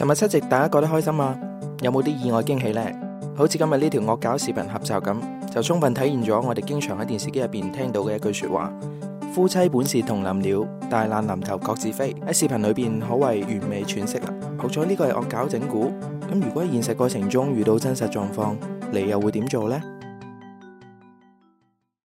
尋日七夕，大家過得開心嗎，啊？有冇啲意外驚喜呢？好似今日呢條惡搞視頻合集咁，就充分體現咗我哋經常喺電視機入邊聽到嘅一句說話：夫妻本是同林鳥，大難臨頭各自飛。喺視頻裏邊可謂完美詮釋啦。好彩呢個係惡搞整蠱，咁如果喺現實過程中遇到真實狀況，你又會點做呢？